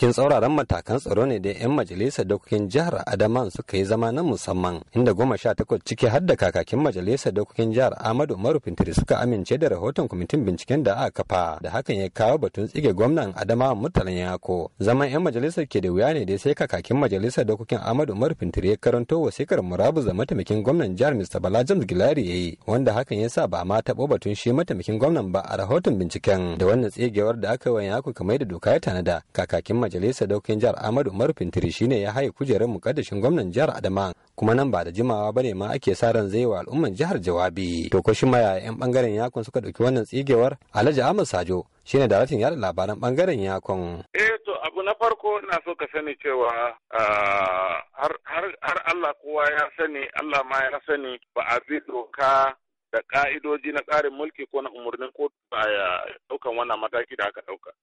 kin tsauraran matakan tsaro ne da 'yan majalisar dokokin jihar adama suka yi zama na musamman inda goma sha takwas ciki har da kakakin majalisar dokokin jihar Ahmadu umaru fintiri suka amince da rahoton kwamitin binciken da aka kafa da hakan ya kawo batun tsige gwamnan adama murtalan yako zaman 'yan majalisar ke da wuya ne dai sai kakakin majalisar dokokin Ahmadu umaru fintiri ya karanto wasikar murabus da mataimakin gwamnan jihar mr bala james gilari ya yi wanda hakan ya sa ba ma taɓo batun shi mataimakin gwamnan ba a rahoton binciken da wannan tsigewar da aka yi wa yako kamar da doka ya tanada kakakin majalisar daukin jihar Ahmadu Umar Fintiri shine ya haye kujerar mukaddashin gwamnan jihar Adama kuma nan ba da jimawa ne ma ake sa ran zai wa al'umman jihar jawabi. To ko shi maya yan bangaren yakon suka dauki wannan tsigewar Alhaji Ahmad Sajo shine ratin yada labaran bangaren yakon. Eh to abu na farko ina so ka sani cewa har Allah kowa ya sani Allah ma ya sani ba a bi doka da ka'idoji na tsarin mulki ko na umarnin kotu ya daukan wannan mataki da aka dauka